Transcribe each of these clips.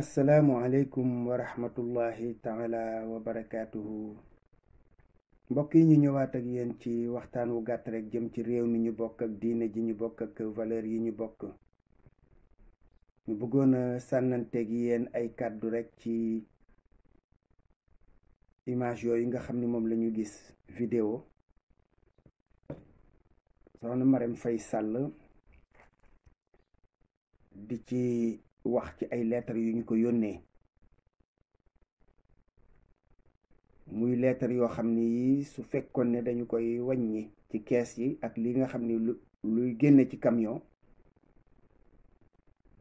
asalaamualeykum wa rahmatullahi taala wa barakaatuhu mbokk yi ñu ñëwaat ak yéen ci waxtaan wu gàtt rek jëm ci réew mi ñu bokk ak diine ji ñu bokk ak valeur yi ñu bokk ñu bëggoon a sànnanteeg yéen ay kàddu rek ci image yooyu nga xam ni moom lañu ñu gis vidéo soxna Marème Faye Sall di ci wax ci ay lettre yu ñu ko yónnee muy leetar yoo xam ne yi su fekkoon ne dañu koy wàññi ci kees yi ak li nga xam ne lu luy génne ci kamiyon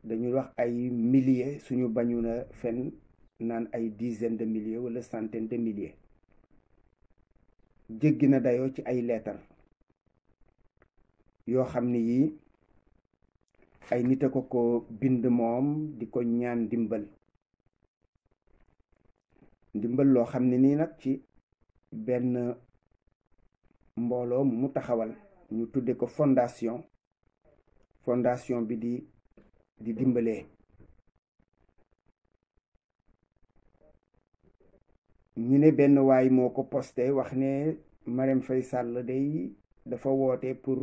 dañuy wax ay milliers suñu bañu na fenn naan ay dizaine de milliers wala centaine de milliers jéggi na dayoo ci ay lettre yoo xam ne yii ay nit a ko ko bind moom di ko ñaan ndimbal ndimbal loo xam ne nii nag ci benn mbooloo mu taxawal ñu tudde ko fondation fondation bi di di dimbalee ñu ne benn waay moo ko posté wax ne Marème Faye Sall day dafa woote pour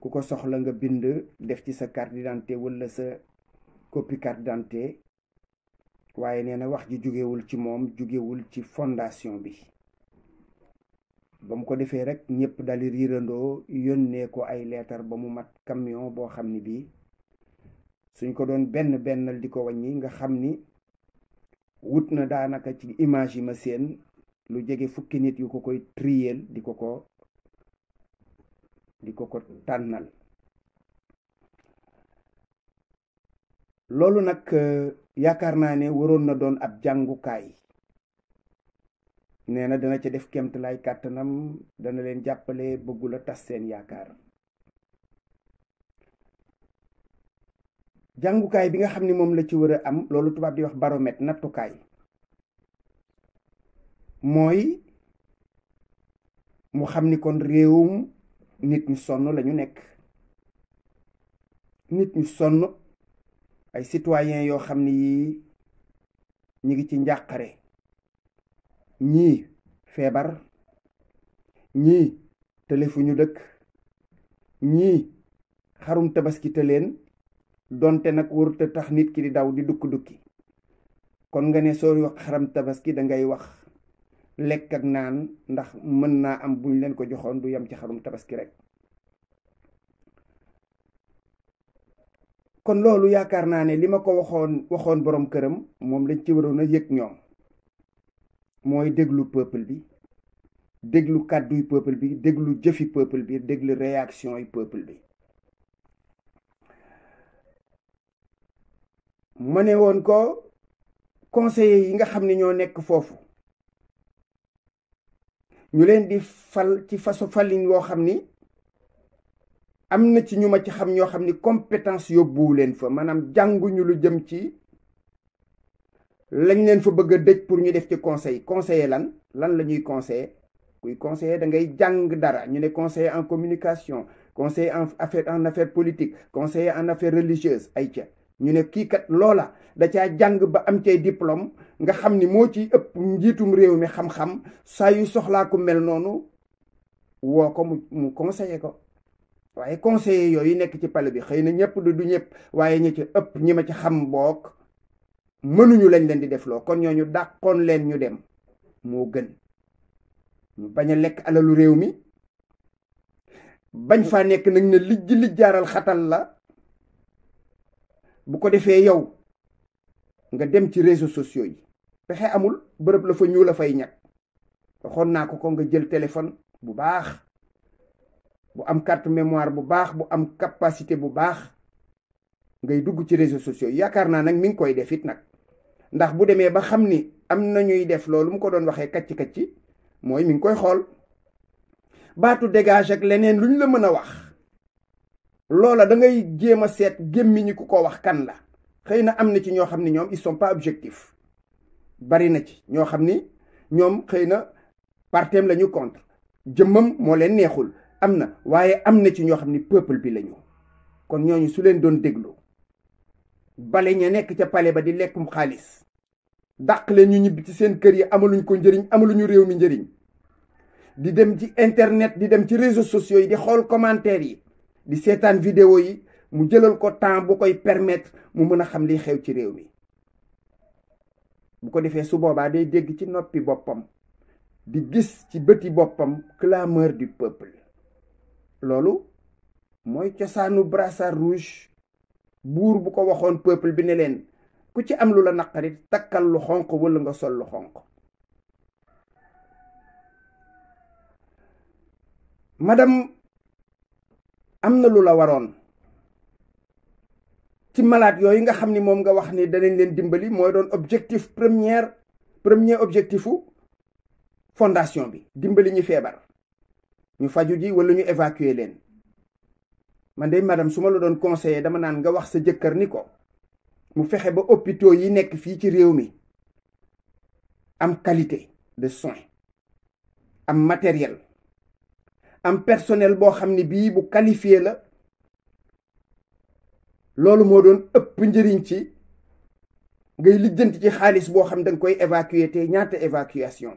ku ko soxla nga bind def ci sa carte d'identité sa copie carte waaye nee na wax ji jógewul ci moom jógewul ci fondation bi ba mu ko defee rek ñëpp dali riirandoo yónnee ko ay leetar ba mu mat camion boo xam ni bii suñ ko doon benn bennal di ko wàññi nga xam ni wut na daanaka ci image yi ma seen lu jege fukki nit yu ko koy triyeel di ko ko di ko ko tànnal loolu nag eh, yaakaar naa ne waroon na doon ab jàngukaay nee na dana ca def kemtalaay kàttanam dana leen jàppale bëggula tas seen yaakaar jàngukaay bi nga xam ne moom la ci war a am loolu tubaab di wax baromètre nattukaay mooy mu xam ni kon réewum nit ñu sonn lañu nekk nit ñu sonn ay citoyen yoo xam ni yii ñi ngi ci njàqare ñii feebar ñii ñu dëkk ñii xarum tabaski te donte nag warut tax nit ki di daw di dukk dukki kon nga ne soo wax xaram tabaski da ngay wax lekk ak naan ndax mën naa am buñ leen ko joxoon du yem ci xarum tabaski rek kon loolu yaakaar naa ne li ma ko waxoon waxoon boroom këram moom lañ ci waroon a yëg ñoom mooy déglu peuple bi déglu kàdduy peuple bi déglu jëfi peuple bi déglu réaction yi peuple bi ma ne woon ko conseillers yi nga xam ne ñoo nekk foofu ñu leen di fal ci façon falin woo xam ni am na ci ñu ma ci xam ñoo xam ni compétence yóbbuwu leen fa maanaam jànguñu lu jëm ci lañ leen fa bëgg a dëj pour ñu def ci conseil conseiller lan lan la ñuy conseiller kuy conseiller da ngay jàng dara ñu ne conseiller en communication conseil en affaire en affaire politique conseil en affaire religieuse ay ca ñu ne kii kat loola da caa jàng ba am cay diplôme nga xam ni moo ci ëpp njiitum réew mi xam-xam saa yu soxlaa ko mel noonu woo ko mu mu conseiller ko waaye conseiller yooyu nekk ci pale bi xëy na ñëpp du du ñëpp waaye ñi ci ëpp ñi ma ci xam boog mënuñu lañ leen di def loo kon ñu dàqoon leen ñu dem moo gën ñu bañ a lekk alalu réew mi bañ faa nekk nag ne lijj lijjaaral xatal la bu ko defee yow nga dem ci réseau sociaux yi pexe amul bërëb la fa ñu la fay ñag waxoon naa ko ko nga jël téléphone bu baax bu am carte mémoire bu baax bu am capacité bu baax ngay dugg ci réseau sociaux yaakaar naa nag mi ngi koy def it nag ndax bu demee ba xam ni am na ñuy def loolu mu ko doon waxee kacci kacci mooy mi ngi koy xool baatu dégage ak leneen ñu la mën a wax loola da ngay jéem a seet gémmiñu ku ko wax kan la xëy na am na ci ñoo xam ne ñoom ils sont pas objectifs bari na ci ñoo xam ni ñoom xëy na partem lañu ñu contre jëmmam moo leen neexul am na waaye am na ci ñoo xam ni peuple bi lañu ñu kon ñooñu su leen doon déglu bale ña nekk ca pale ba di lekkum xaalis daq leen ñu ñibbi ci seen kër yi amaluñ ko njëriñ amaluñu réew mi njëriñ di dem ci internet di dem ci réseau sociaux yi di xool commentaires yi di seetaan vidéo yi mu jëlal ko temps bu koy permettre mu mën a xam liy xew ci réew mi bu ko defé su boba day dégg ci nopi bopam di gis ci beuti bopam clameur du peuple loolu mooy cosaanu brassard rouge bour bu ko waxone peuple bi ne ku ci am lula la naqari lu xonko wala nga sol lu xonko madame am na warone ci malaat yooyu nga xam ni moom nga wax ni danañ leen dimbali mooy doon objectif première premier objectifu fondation bi dimbali ñu feebar ñu faju ji wala ñu évacuer leen man de madame su ma la doon conseiller dama naan nga wax sa jëkkër ni ko mu fexe ba hôpitaux yi nekk fii ci réew mi am qualité de soins am matériel am personnel boo xam ni bii bu qualifié la loolu moo doon ëpp njëriñ ci ngay lijjanti ci xaalis boo xam dañ koy évacuer te ñaata évacuation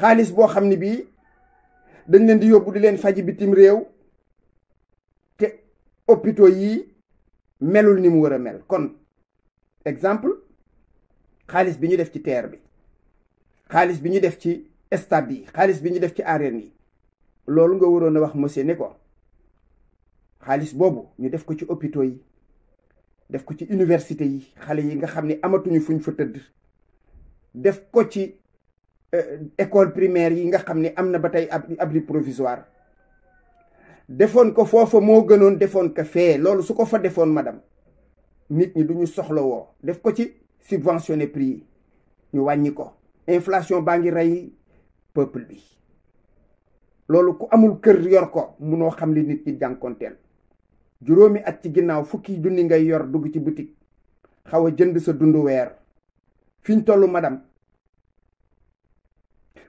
xaalis boo xam ne bii dañ leen di yóbbu di leen faji bitim réew te hôpitaux yi melul ni mu war a mel kon exemple xaalis bi ñu def ci terre bi xaalis bi ñu def ci stade yi xaalis bi ñu def ci arène yi loolu nga waroon a wax monsieur ne ko xaalis boobu ñu def ko ci hôpitaux yi def ko ci université yi xale yi nga xam ne amatuñu fuñ fa tëdd def ko ci euh, école primaire yi nga xam ni am na ba tey abri provisoire defoon ko foofa moo gënoon defoon ko fee loolu su ko fa defoon madame nit ñi duñu soxlawoo def ko ci subventionné prix yi ñu wàññi ko inflation baa ngi rey peuple bi loolu ku amul kër yor ko munoo xam li nit ñi jànkonteel juróomi at ci ginnaaw fukki junni ngay yor dugg ci butik xaw a jënd sa dundu weer fiñ tollu madam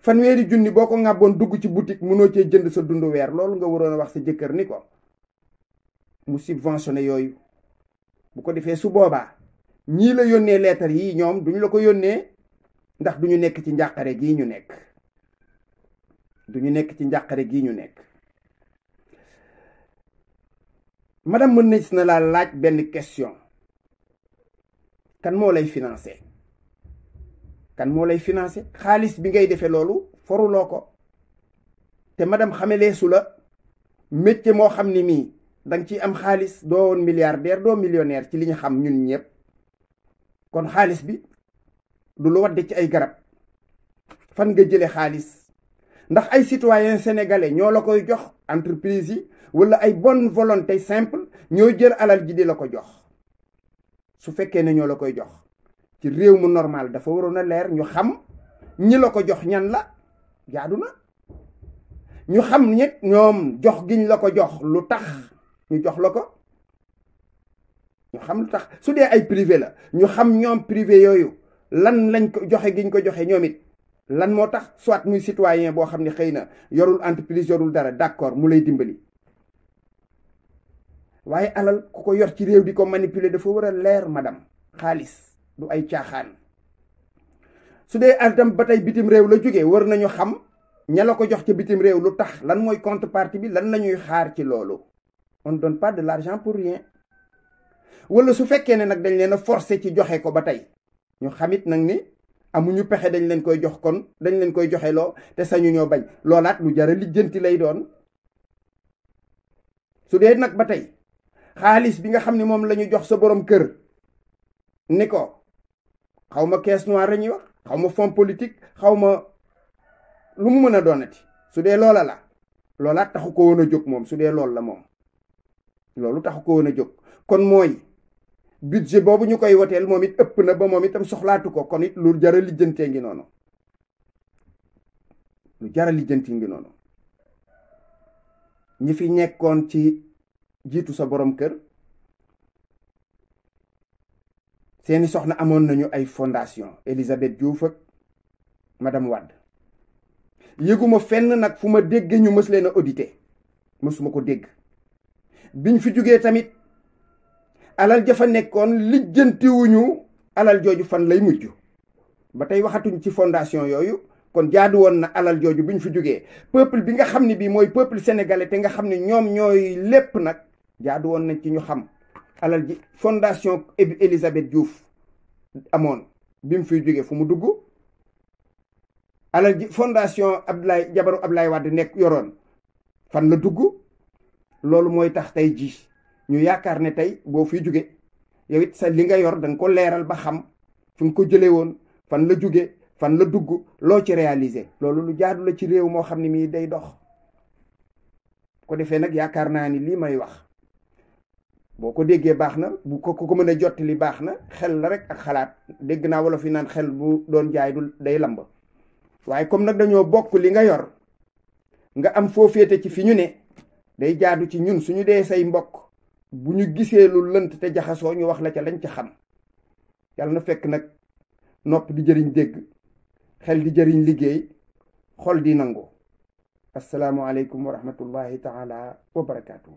fanweeri junni boo ko ŋàbboon dugg ci boutique mënoo cee jënd sa dundu weer loolu nga waroon a wax sa jëkkër ni ko mu subventionné yooyu bu ko defee su boobaa ñii la yónnee leetar yi ñoom duñ la ko yónnee ndax duñu nekk ci njàqare gii ñu nekk duñu nekk ci njàqare gii ñu nekk madame mën na na laa laaj benn question kan moo lay financé kan moo lay financé xaalis bi ngay defee loolu foruloo ko te madame xameleesu la métier moo xam ni nii danga ciy am xaalis doo woon milliardaire doo millionnaire ci li ñu xam ñun ñëpp kon xaalis bi du lu wadde ci ay garab fan nga jële xaalis ndax ay citoyens sénégalais ñoo la koy jox entreprise yi wala ay bonne volonté simple ñoo jël alal ji di la ko jox su fekkee ne ñoo la koy jox ci réew mu normal dafa waroon a leer ñu xam ñi la ko jox ñan la jaadu na ñu xam ñet ñoom jox giñ la ko jox lu tax ñu jox la ko ñu xam lu tax su dee ay privé la ñu xam ñoom privé yooyu lan lañ ko joxe giñ ko joxe ñoom it lan moo tax soit muy citoyen boo xam ne xëy na yorul entreprise yorul dara d' accord mu lay dimbali waaye alal ku ko yor ci réew di ko manipuler dafa war a leer madam xaalis du ay caaxaan su dee altam ba tey bitim réew la jógee war nañu xam ña la ko jox ci bitim réew lu tax lan mooy contrepartie bi lan lañuy xaar ci loolu on donne pas de l'argent pour rien wala su fekkee ne nag dañ leen a forcé ci joxe ko ba tey ñu xamit nag ni amuñu pexe dañ leen koy jox kon dañ leen koy joxe loo te sañuñoo bañ loolaat lu jara lijjanti lay doon su dee nag ba tey xaalis bi nga xam ni moom la ñu jox sa boroom kër ni ko xaw ma caisse noire la ñuy wax xaw ma fond politique xaw ma lu mu mën a doonati su dee loola la loolaat taxu ko woon a jóg moom su dee lool la moom loolu taxu ko woon a jóg kon mooy budget boobu ñu koy woteel moom it ëpp na ba moom itam soxlaatu ko konit it lu jar lijjantee ngi noonu lu jara a lijjanti ngi noonu ñi fi nekkoon ci jiitu sa boroom kër seeni soxna amoon nañu ay fondation Elisabeth Diouf ak madame Wade yëguma fenn nag fu ma déggee ñu mës leen a audité mësuma ko dégg biñ fi jógee tamit alal ja fa nekkoon lijjantiwuñu alal jooju fan lay mujj ba tey waxatuñ ci fondation yooyu kon jaadu woon na alal jooju buñ fi jógee peuple bi nga xam ne bii mooy peuple sénégalais te nga xam ne ñoom ñooy lépp nag jaadu woon nañ ci ñu xam alal ji fondation Élisabeth Diouf amoon bi mu fi jógee fu mu dugg alal ji fondation Abdoulaye jabaru Abdoulaye Wade nekk yoroon fan la dugg loolu mooy tax tey jii ñu yaakaar ne tey boo fi jóge yow it sa li nga yor danga ko leeral ba xam fi nga ko jëlee woon fan la jóge fan la dugg loo ci réaliser loolu lu jaadu la ci réew moo xam ne mii day dox ko defee nag yaakaar naa ni lii may wax boo ko déggee baax na bu ko ko mën a jottali baax na xel la rek ak xalaat dégg naa wala fi naan xel bu doon jaay du day lamb waaye comme nag dañoo bokk li nga yor nga am foo féete ci fi ñu ne day jaadu ci ñun suñu dee say mbokk bu ñu gisee lu lënt te jaxasoo ñu wax la ca lañ ca xam yàlla na fekk nag nopp di jëriñ dégg xel di jëriñ liggéey xol di nangu asalaamu aleykum wa rahmatullahi taala wa barakaatu.